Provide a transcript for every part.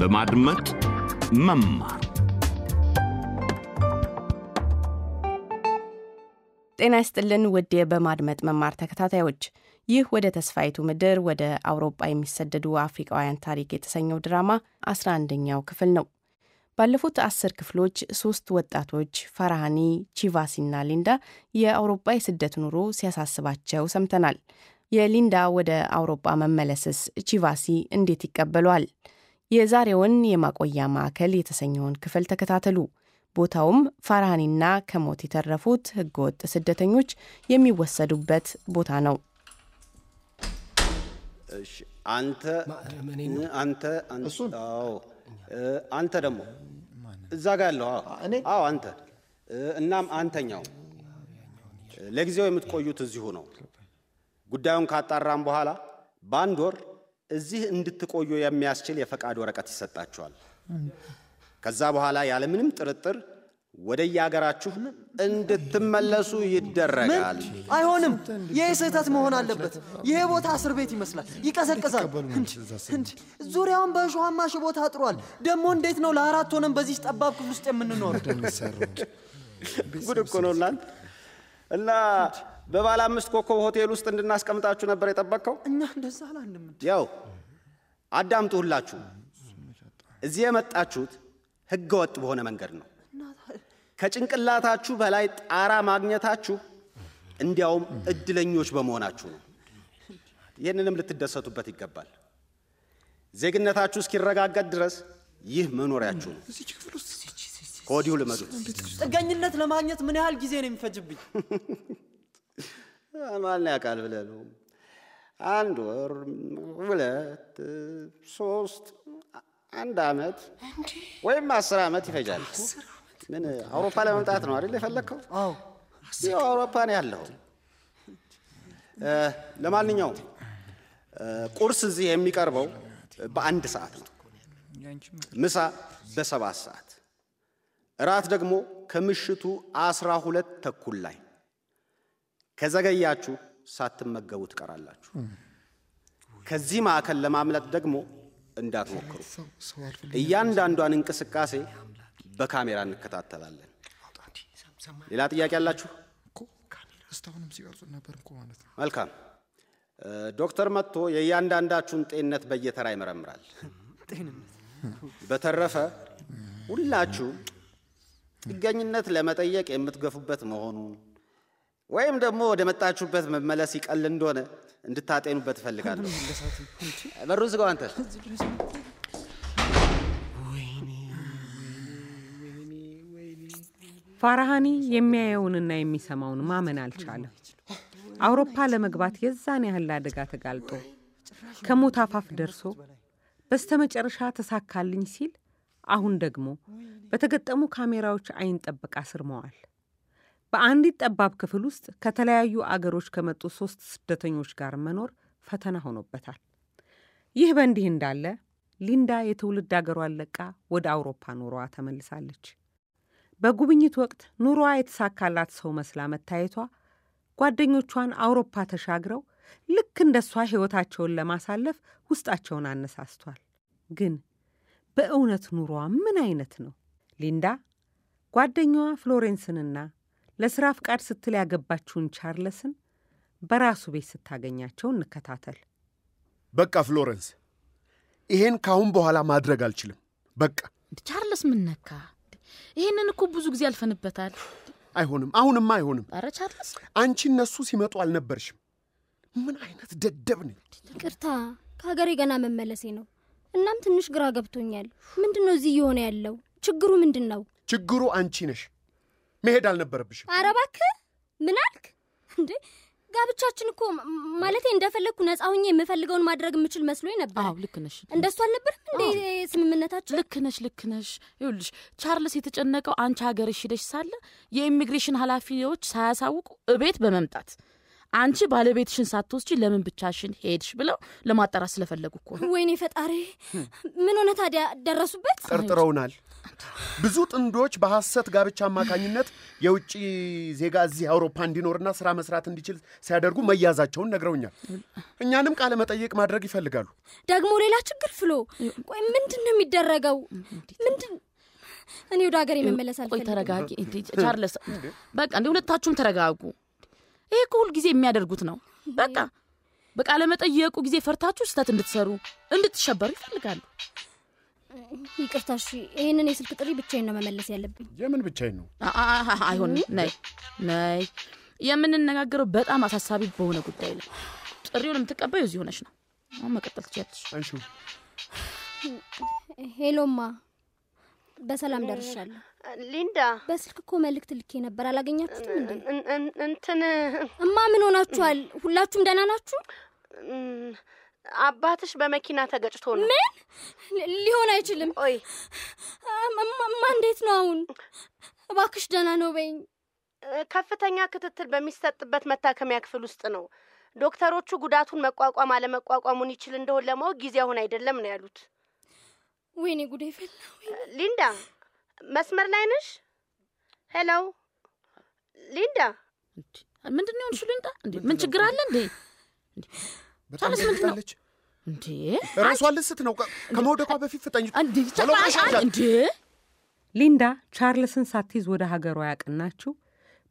በማድመጥ መማር ጤና ይስጥልን ውድ በማድመጥ መማር ተከታታዮች ይህ ወደ ተስፋይቱ ምድር ወደ አውሮጳ የሚሰደዱ አፍሪቃውያን ታሪክ የተሰኘው ድራማ 11ኛው ክፍል ነው። ባለፉት አስር ክፍሎች ሶስት ወጣቶች ፈራሃኒ፣ ቺቫሲና ሊንዳ የአውሮጳ የስደት ኑሮ ሲያሳስባቸው ሰምተናል። የሊንዳ ወደ አውሮጳ መመለስስ ቺቫሲ እንዴት ይቀበሏል? የዛሬውን የማቆያ ማዕከል የተሰኘውን ክፍል ተከታተሉ። ቦታውም ፋርሃኒና ከሞት የተረፉት ህገወጥ ስደተኞች የሚወሰዱበት ቦታ ነው። አንተ ደግሞ እዛ ጋ ያለው አዎ፣ አንተ እናም አንተኛው ለጊዜው የምትቆዩት እዚሁ ነው። ጉዳዩን ካጣራም በኋላ በአንድ ወር እዚህ እንድትቆዩ የሚያስችል የፈቃድ ወረቀት ይሰጣችኋል። ከዛ በኋላ ያለምንም ጥርጥር ወደ የሀገራችሁ እንድትመለሱ ይደረጋል። አይሆንም። ይህ ስህተት መሆን አለበት። ይሄ ቦታ እስር ቤት ይመስላል፣ ይቀዘቅዛል። ዙሪያውን በእሾሃማ ሽቦ ታጥሯል። ደግሞ እንዴት ነው ለአራት ሆነን በዚህ ጠባብ ክፍል ውስጥ የምንኖር? ጉድ እኮ ነው እና በባለ አምስት ኮከብ ሆቴል ውስጥ እንድናስቀምጣችሁ ነበር የጠበቅከው። እኛ እንደዛ አላልንም። ያው አዳምጡ፣ ሁላችሁ እዚህ የመጣችሁት ህገ ወጥ በሆነ መንገድ ነው። ከጭንቅላታችሁ በላይ ጣራ ማግኘታችሁ እንዲያውም እድለኞች በመሆናችሁ ነው። ይህንንም ልትደሰቱበት ይገባል። ዜግነታችሁ እስኪረጋገጥ ድረስ ይህ መኖሪያችሁ ነው። ከወዲሁ ልመዱት። ጥገኝነት ለማግኘት ምን ያህል ጊዜ ነው የሚፈጅብኝ? ማን ያውቃል ብለህ ነው። አንድ ወር፣ ሁለት፣ ሶስት፣ አንድ አመት ወይም አስር አመት ይፈጃል። ምን አውሮፓ ለመምጣት ነው አይደል የፈለግከው? ያው አውሮፓ ነው ያለው። ለማንኛውም ቁርስ እዚህ የሚቀርበው በአንድ ሰዓት ነው። ምሳ በሰባት ሰዓት፣ እራት ደግሞ ከምሽቱ አስራ ሁለት ተኩል ላይ ከዘገያችሁ ሳትመገቡ ትቀራላችሁ። ከዚህ ማዕከል ለማምለጥ ደግሞ እንዳትሞክሩ። እያንዳንዷን እንቅስቃሴ በካሜራ እንከታተላለን። ሌላ ጥያቄ አላችሁ? መልካም። ዶክተር መጥቶ የእያንዳንዳችሁን ጤንነት በየተራ ይመረምራል። በተረፈ ሁላችሁ ጥገኝነት ለመጠየቅ የምትገፉበት መሆኑን ወይም ደግሞ ወደ መጣችሁበት መመለስ ይቀል እንደሆነ እንድታጤኑበት እፈልጋለሁ። በሩን ዝጋው አንተ። ፋራሃኒ የሚያየውንና የሚሰማውን ማመን አልቻለም። አውሮፓ ለመግባት የዛን ያህል አደጋ ተጋልጦ ከሞት አፋፍ ደርሶ በስተመጨረሻ ተሳካልኝ ሲል አሁን ደግሞ በተገጠሙ ካሜራዎች አይን ጠበቃ ስር መዋል በአንዲት ጠባብ ክፍል ውስጥ ከተለያዩ አገሮች ከመጡ ሶስት ስደተኞች ጋር መኖር ፈተና ሆኖበታል። ይህ በእንዲህ እንዳለ ሊንዳ የትውልድ አገሯን ለቃ ወደ አውሮፓ ኑሮዋ ተመልሳለች። በጉብኝት ወቅት ኑሮዋ የተሳካላት ሰው መስላ መታየቷ ጓደኞቿን አውሮፓ ተሻግረው ልክ እንደ እሷ ሕይወታቸውን ለማሳለፍ ውስጣቸውን አነሳስቷል። ግን በእውነት ኑሮዋ ምን አይነት ነው? ሊንዳ ጓደኛዋ ፍሎሬንስንና ለሥራ ፍቃድ ስትል ያገባችውን ቻርለስን በራሱ ቤት ስታገኛቸው እንከታተል። በቃ ፍሎረንስ፣ ይሄን ካሁን በኋላ ማድረግ አልችልም። በቃ ቻርለስ፣ ምን ነካ? ይህንን እኮ ብዙ ጊዜ አልፈንበታል። አይሆንም፣ አሁንማ አይሆንም። አረ ቻርለስ፣ አንቺ እነሱ ሲመጡ አልነበርሽም። ምን አይነት ደደብ ነኝ! ይቅርታ፣ ከሀገሬ ገና መመለሴ ነው። እናም ትንሽ ግራ ገብቶኛል። ምንድን ነው እዚህ እየሆነ ያለው? ችግሩ ምንድን ነው? ችግሩ አንቺ ነሽ። መሄድ አልነበረብሽም። ኧረ እባክህ ምን አልክ እንዴ? ጋብቻችን እኮ ማለቴ እንደፈለግኩ ነፃ ሁኜ የምፈልገውን ማድረግ የምችል መስሎ ነበር። አዎ ልክ ነሽ። እንደሱ አልነበር እንዴ ስምምነታችን? ልክ ነሽ፣ ልክ ነሽ። ይኸውልሽ ቻርልስ የተጨነቀው አንቺ ሀገርሽ ሂደሽ ሳለ የኢሚግሬሽን ኃላፊዎች ሳያሳውቁ እቤት በመምጣት አንቺ ባለቤትሽን ሳትወስጂ ለምን ብቻሽን ሄድሽ ብለው ለማጣራት ስለፈለጉ እኮ። ወይኔ ፈጣሪ! ምን ሆነ ታዲያ? ደረሱበት? ጠርጥረውናል። ብዙ ጥንዶች በሐሰት ጋብቻ አማካኝነት የውጭ ዜጋ እዚህ አውሮፓ እንዲኖርና ስራ መስራት እንዲችል ሲያደርጉ መያዛቸውን ነግረውኛል። እኛንም ቃለ መጠየቅ ማድረግ ይፈልጋሉ። ደግሞ ሌላ ችግር ፍሎ፣ ቆይ ምንድን ነው የሚደረገው? ምንድን እኔ ወደ ሀገር የመመለስ ቆይ፣ ተረጋጊ ቻርለስ። በቃ እንደ ሁለታችሁም ተረጋጉ። ይሄ እኮ ሁልጊዜ የሚያደርጉት ነው። በቃ በቃለ መጠየቁ ጊዜ ፈርታችሁ ስህተት እንድትሰሩ እንድትሸበሩ ይፈልጋሉ። ይቅርታሽ፣ ይህንን የስልክ ጥሪ ብቻዬን ነው መመለስ ያለብኝ። የምን ብቻዬን ነው? አይሆን፣ ነይ ነይ፣ የምንነጋገረው በጣም አሳሳቢ በሆነ ጉዳይ ላይ። ጥሪውን የምትቀበዩ እዚህ ሆነች ነው። አሁን መቀጠል ትችያለሽ። እሺ። ሄሎማ፣ በሰላም ደርሻለሁ። ሊንዳ፣ በስልክ እኮ መልእክት ልኬ ነበር፣ አላገኛችሁትም እንዴ? እንትን እማ፣ ምን ሆናችኋል? ሁላችሁም ደህና ናችሁ? አባትሽ በመኪና ተገጭቶ ነው። ምን ሊሆን አይችልም። ቆይ ማ እንዴት ነው አሁን? እባክሽ ደህና ነው በይኝ። ከፍተኛ ክትትል በሚሰጥበት መታከሚያ ክፍል ውስጥ ነው። ዶክተሮቹ ጉዳቱን መቋቋም አለመቋቋሙን ይችል እንደሆን ለማወቅ ጊዜ አሁን አይደለም ነው ያሉት። ወይኔ ጉዴ ፈላ። ሊንዳ መስመር ላይ ነሽ? ሄሎ ሊንዳ፣ ምንድን ሆንሽ? ሊንዳ ምን ችግር አለ እንዴ? በጣም እንዴ! ራሷ ልስት ነው። ከመውደቋ በፊት ፍጠኝ እንዴ! ሊንዳ ቻርልስን ሳትይዝ ወደ ሀገሯ ያቀናችው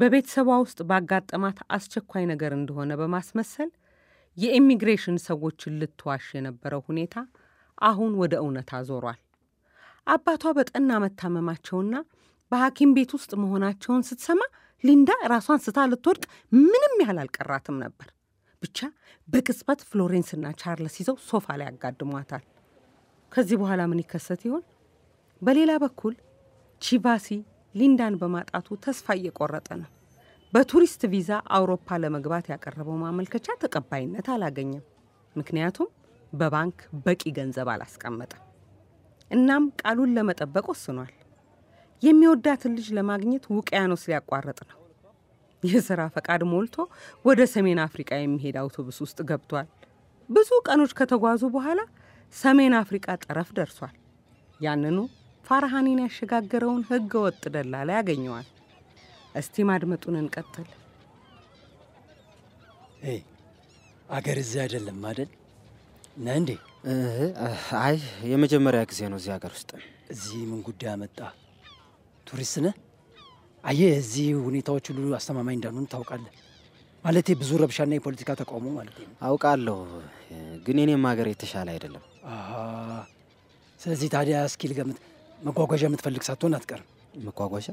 በቤተሰቧ ውስጥ ባጋጠማት አስቸኳይ ነገር እንደሆነ በማስመሰል የኢሚግሬሽን ሰዎችን ልትዋሽ የነበረው ሁኔታ አሁን ወደ እውነት አዞሯል። አባቷ በጠና መታመማቸውና በሐኪም ቤት ውስጥ መሆናቸውን ስትሰማ ሊንዳ ራሷን ስታ ልትወድቅ ምንም ያህል አልቀራትም ነበር። ብቻ በቅጽበት ፍሎሬንስና ቻርልስ ይዘው ሶፋ ላይ ያጋድሟታል። ከዚህ በኋላ ምን ይከሰት ይሆን? በሌላ በኩል ቺቫሲ ሊንዳን በማጣቱ ተስፋ እየቆረጠ ነው። በቱሪስት ቪዛ አውሮፓ ለመግባት ያቀረበው ማመልከቻ ተቀባይነት አላገኘም። ምክንያቱም በባንክ በቂ ገንዘብ አላስቀመጠም። እናም ቃሉን ለመጠበቅ ወስኗል። የሚወዳትን ልጅ ለማግኘት ውቅያኖስ ሊያቋርጥ ነው። የስራ ፈቃድ ሞልቶ ወደ ሰሜን አፍሪቃ የሚሄድ አውቶቡስ ውስጥ ገብቷል። ብዙ ቀኖች ከተጓዙ በኋላ ሰሜን አፍሪቃ ጠረፍ ደርሷል። ያንኑ ፋርሃኒን ያሸጋገረውን ህገ ወጥ ደላላ ያገኘዋል። እስቲ ማድመጡን እንቀጥል። አገር እዚህ አይደለም አደል? ነ እንዴ? አይ የመጀመሪያ ጊዜ ነው እዚህ ሀገር ውስጥ። እዚህ ምን ጉዳይ አመጣ? ቱሪስት ነህ? አየህ እዚህ ሁኔታዎች ሁሉ አስተማማኝ እንዳሉን ታውቃለህ። ማለት ብዙ ረብሻና የፖለቲካ ተቃውሞ ማለት ነው። አውቃለሁ፣ ግን የኔም ሀገር የተሻለ አይደለም። ስለዚህ ታዲያ እስኪ ልገምት፣ መጓጓዣ የምትፈልግ ሳትሆን አትቀርም። መጓጓዣ?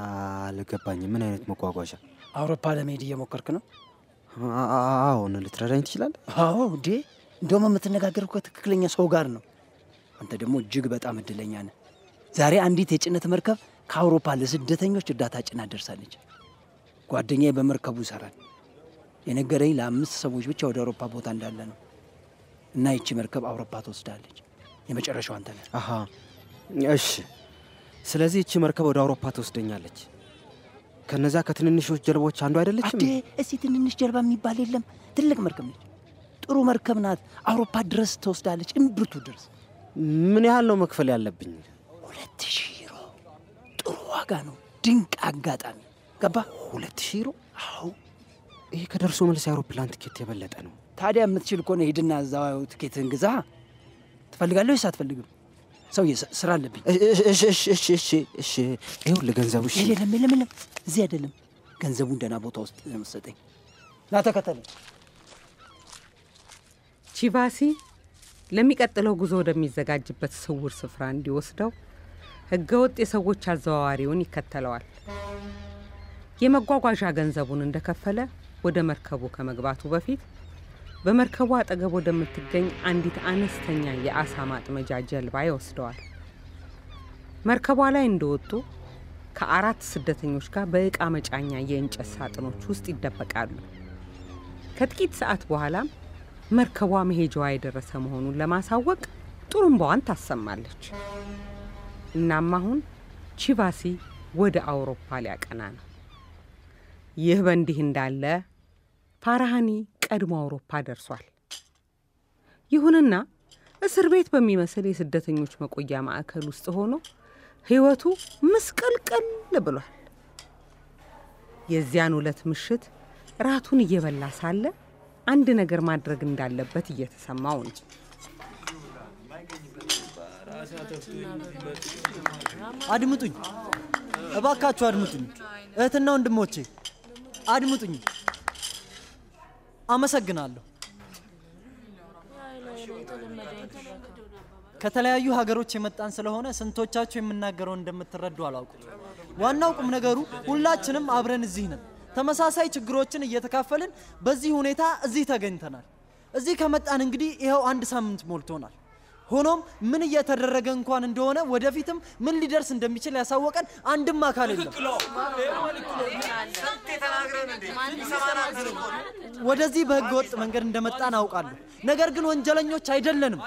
አልገባኝም። ምን አይነት መጓጓዣ? አውሮፓ ለመሄድ እየሞከርክ ነው? አሁን ልትረዳኝ ትችላለህ? አዎ፣ እንዴ እንደውም የምትነጋገረው ከትክክለኛ ሰው ጋር ነው። አንተ ደግሞ እጅግ በጣም እድለኛ ነህ። ዛሬ አንዲት የጭነት መርከብ ከአውሮፓ ለስደተኞች እርዳታ ጭና ደርሳለች። ጓደኛዬ በመርከቡ ይሰራል። የነገረኝ ለአምስት ሰዎች ብቻ ወደ አውሮፓ ቦታ እንዳለ ነው። እና ይቺ መርከብ አውሮፓ ትወስዳለች። የመጨረሻው አንተ ነህ። እሺ። ስለዚህ ይቺ መርከብ ወደ አውሮፓ ትወስደኛለች። ከነዚያ ከትንንሾች ጀልቦች አንዱ አይደለችም? እስቲ ትንንሽ ጀልባ የሚባል የለም። ትልቅ መርከብ ነች። ጥሩ መርከብ ናት። አውሮፓ ድረስ ትወስዳለች፣ እምብርቱ ድረስ። ምን ያህል ነው መክፈል ያለብኝ? ሁለት ሺ ዋጋ ነው ድንቅ አጋጣሚ ገባ። ሁለት ሺህ ዩሮ አዎ፣ ይሄ ከደርሶ መልስ የአውሮፕላን ትኬት የበለጠ ነው። ታዲያ የምትችል ከሆነ ሄድና እዛው ትኬትን ግዛ። ትፈልጋለህ ወይስ አትፈልግም? ሰውዬ ስራ አለብኝ። ይኸውልህ ገንዘቡ። እሺ፣ የለም የለም የለም፣ እዚህ አይደለም። ገንዘቡ ደህና ቦታ ውስጥ ለመሰጠኝ ና ተከተለ። ቺቫሲ ለሚቀጥለው ጉዞ ወደሚዘጋጅበት ስውር ስፍራ እንዲወስደው ህገወጥ የሰዎች አዘዋዋሪውን ይከተለዋል። የመጓጓዣ ገንዘቡን እንደከፈለ ወደ መርከቡ ከመግባቱ በፊት በመርከቡ አጠገብ ወደምትገኝ አንዲት አነስተኛ የአሳ ማጥመጃ ጀልባ ይወስደዋል። መርከቧ ላይ እንደወጡ ከአራት ስደተኞች ጋር በእቃ መጫኛ የእንጨት ሳጥኖች ውስጥ ይደበቃሉ። ከጥቂት ሰዓት በኋላም መርከቧ መሄጃዋ የደረሰ መሆኑን ለማሳወቅ በዋን ታሰማለች። እናም አሁን ቺቫሲ ወደ አውሮፓ ሊያቀና ነው። ይህ በእንዲህ እንዳለ ፋራሃኒ ቀድሞ አውሮፓ ደርሷል። ይሁንና እስር ቤት በሚመስል የስደተኞች መቆያ ማዕከል ውስጥ ሆኖ ሕይወቱ ምስቅልቅል ብሏል። የዚያን ዕለት ምሽት ራቱን እየበላ ሳለ አንድ ነገር ማድረግ እንዳለበት እየተሰማው ነው። አድምጡኝ እባካችሁ አድምጡኝ። እህትና ወንድሞቼ አድምጡኝ። አመሰግናለሁ። ከተለያዩ ሀገሮች የመጣን ስለሆነ ስንቶቻችሁ የምናገረው እንደምትረዱ አላውቁ ዋናው ቁም ነገሩ ሁላችንም አብረን እዚህ ነን። ተመሳሳይ ችግሮችን እየተካፈልን በዚህ ሁኔታ እዚህ ተገኝተናል። እዚህ ከመጣን እንግዲህ ይኸው አንድ ሳምንት ሞልቶናል። ሆኖም ምን እየተደረገ እንኳን እንደሆነ ወደፊትም ምን ሊደርስ እንደሚችል ያሳወቀን አንድም አካል የለም። ወደዚህ በህገ ወጥ መንገድ እንደመጣ እናውቃለሁ። ነገር ግን ወንጀለኞች አይደለንም።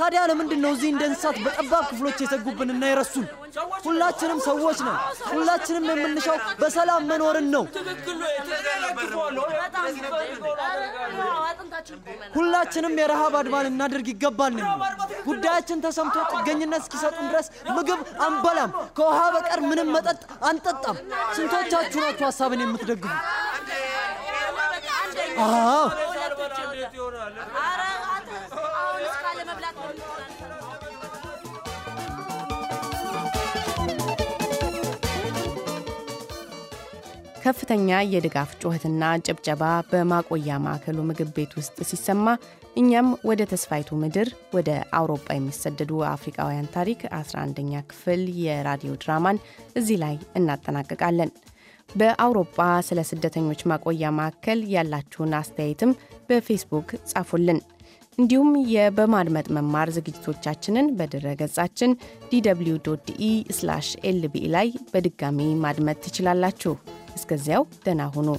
ታዲያ ለምንድን ነው እዚህ እንደ እንስሳት በጠባብ ክፍሎች የዘጉብንና የረሱን? ሁላችንም ሰዎች ነን። ሁላችንም የምንሻው በሰላም መኖርን ነው። ሁላችንም የረሃብ አድማ ልናደርግ ይገባልን? ጉዳያችን ተሰምቶ ጥገኝነት እስኪሰጡን ድረስ ምግብ አንበላም፣ ከውሃ በቀር ምንም መጠጥ አንጠጣም። ስንቶቻችሁ ናችሁ ሀሳብን የምትደግፉ? ከፍተኛ የድጋፍ ጩኸትና ጭብጨባ በማቆያ ማዕከሉ ምግብ ቤት ውስጥ ሲሰማ እኛም ወደ ተስፋይቱ ምድር ወደ አውሮፓ የሚሰደዱ አፍሪካውያን ታሪክ 11ኛ ክፍል የራዲዮ ድራማን እዚህ ላይ እናጠናቅቃለን። በአውሮፓ ስለ ስደተኞች ማቆያ ማዕከል ያላችሁን አስተያየትም በፌስቡክ ጻፉልን። እንዲሁም የበማድመጥ መማር ዝግጅቶቻችንን በድረ ገጻችን ዲw ዶት ኢ ላይ በድጋሚ ማድመጥ ትችላላችሁ። እስከዚያው ደና ሁኑ።